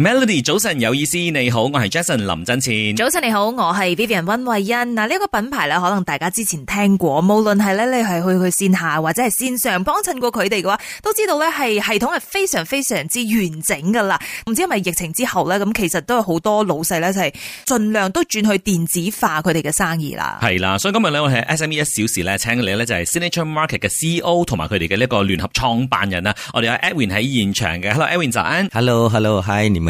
Melody 早晨有意思，你好，我係 Jason 林振前。早晨你好，我係 Vivian 温慧欣。嗱、這、呢個品牌咧，可能大家之前聽過，無論係咧你係去去線下或者係線上幫襯過佢哋嘅話，都知道咧係系統係非常非常之完整噶啦。唔知係咪疫情之後咧，咁其實都有好多老細咧，係、就是、盡量都轉去電子化佢哋嘅生意啦。係啦，所以今日咧我係 SME 一小時咧，請你咧就係 Signature Market 嘅 CEO 同埋佢哋嘅呢一個聯合創辦人啊。我哋有 Edwin 喺現場嘅，Hello Edwin，早晨，Hello，Hello，Hi。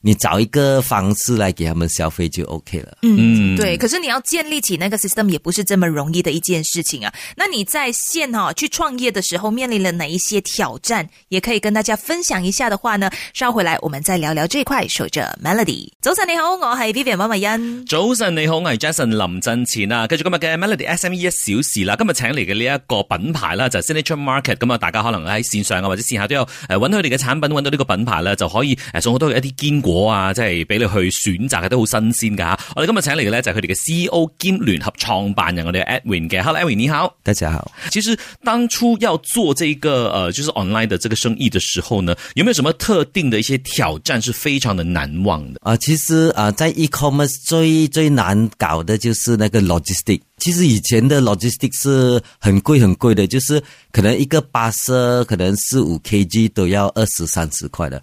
你找一個方式來給他們消費就 OK 了。嗯，對，可是你要建立起那個 system 也不是這麼容易的一件事情啊。那你在線哈、哦、去創業的時候，面臨了哪一些挑戰？也可以跟大家分享一下的話呢。稍回來，我們再聊聊這一塊。守着 Melody。早晨你好，我係 Vivian 王慧欣。早晨你好，我係 Jason 林振前啊。繼續今日嘅 Melody SME 一小時啦。今日請嚟嘅呢一個品牌啦，就係、Signature Market。咁啊，大家可能喺線上啊或者線下都有誒，揾佢哋嘅產品揾到呢個品牌啦，就可以誒、呃、送好多一啲堅。我啊，即係俾你去選擇嘅都好新鮮噶、啊、我哋今日請嚟嘅咧就係佢哋嘅 C E O 兼聯合創辦人我哋 Edwin 嘅，Hello，Edwin 你好，大家好。其實當初要做這個，呃，就是 online 的這個生意的時候呢，有沒有什麼特定的一些挑戰是非常的難忘的啊、呃？其實啊、呃，在 e-commerce 最最難搞的就是那個 logistic。其實以前的 logistic 是很貴很貴的，就是可能一個巴士可能四五 K G 都要二十三十塊的。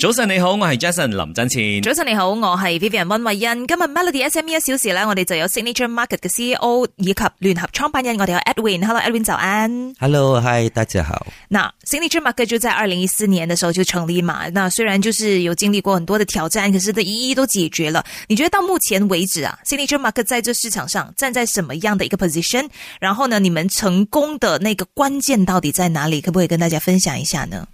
早晨你好，我是 Jason 林振前。早晨你好，我是 Vivian 溫慧欣。今日 Melody SME 一小時呢，我哋就有 Signature Market 嘅 CEO 以及聯合創辦人，我哋有 Edwin。Hello Edwin，早安。Hello hi，大家好。那 Signature Market 就在二零一四年的時候就成立嘛。那雖然就是有經歷過很多的挑戰，可是都一一都解決了。你覺得到目前為止啊，Signature Market 在這市場上站在什麼樣的一個 position？然後呢，你們成功的那個關鍵到底在哪裏？可不可以跟大家分享一下呢？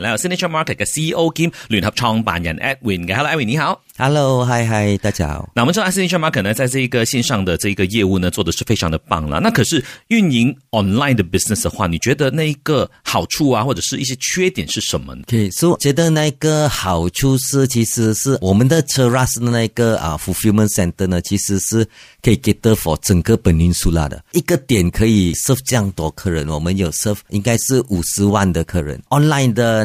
然後有 Signature Market 的 CEO 兼聯合創辦人 Edwin 嘅，Hello Edwin 你好，Hello 嗨嗨，大家好。那我們知道 Signature Market 呢，在這一個線上的這一個業務呢，做的是非常的棒啦。那可是運營 online 的 business 的話，你覺得那一個好處啊，或者是一些缺點是什麼呢？其實我覺得那個好處是，其實是我們的 Cheras 那個啊、uh, fulfillment center 呢，其實是可以 gather for 整個本寧蘇拉的一個點可以 serve 這樣多客人，我們有 serve 應該是五十萬的客人 online 的。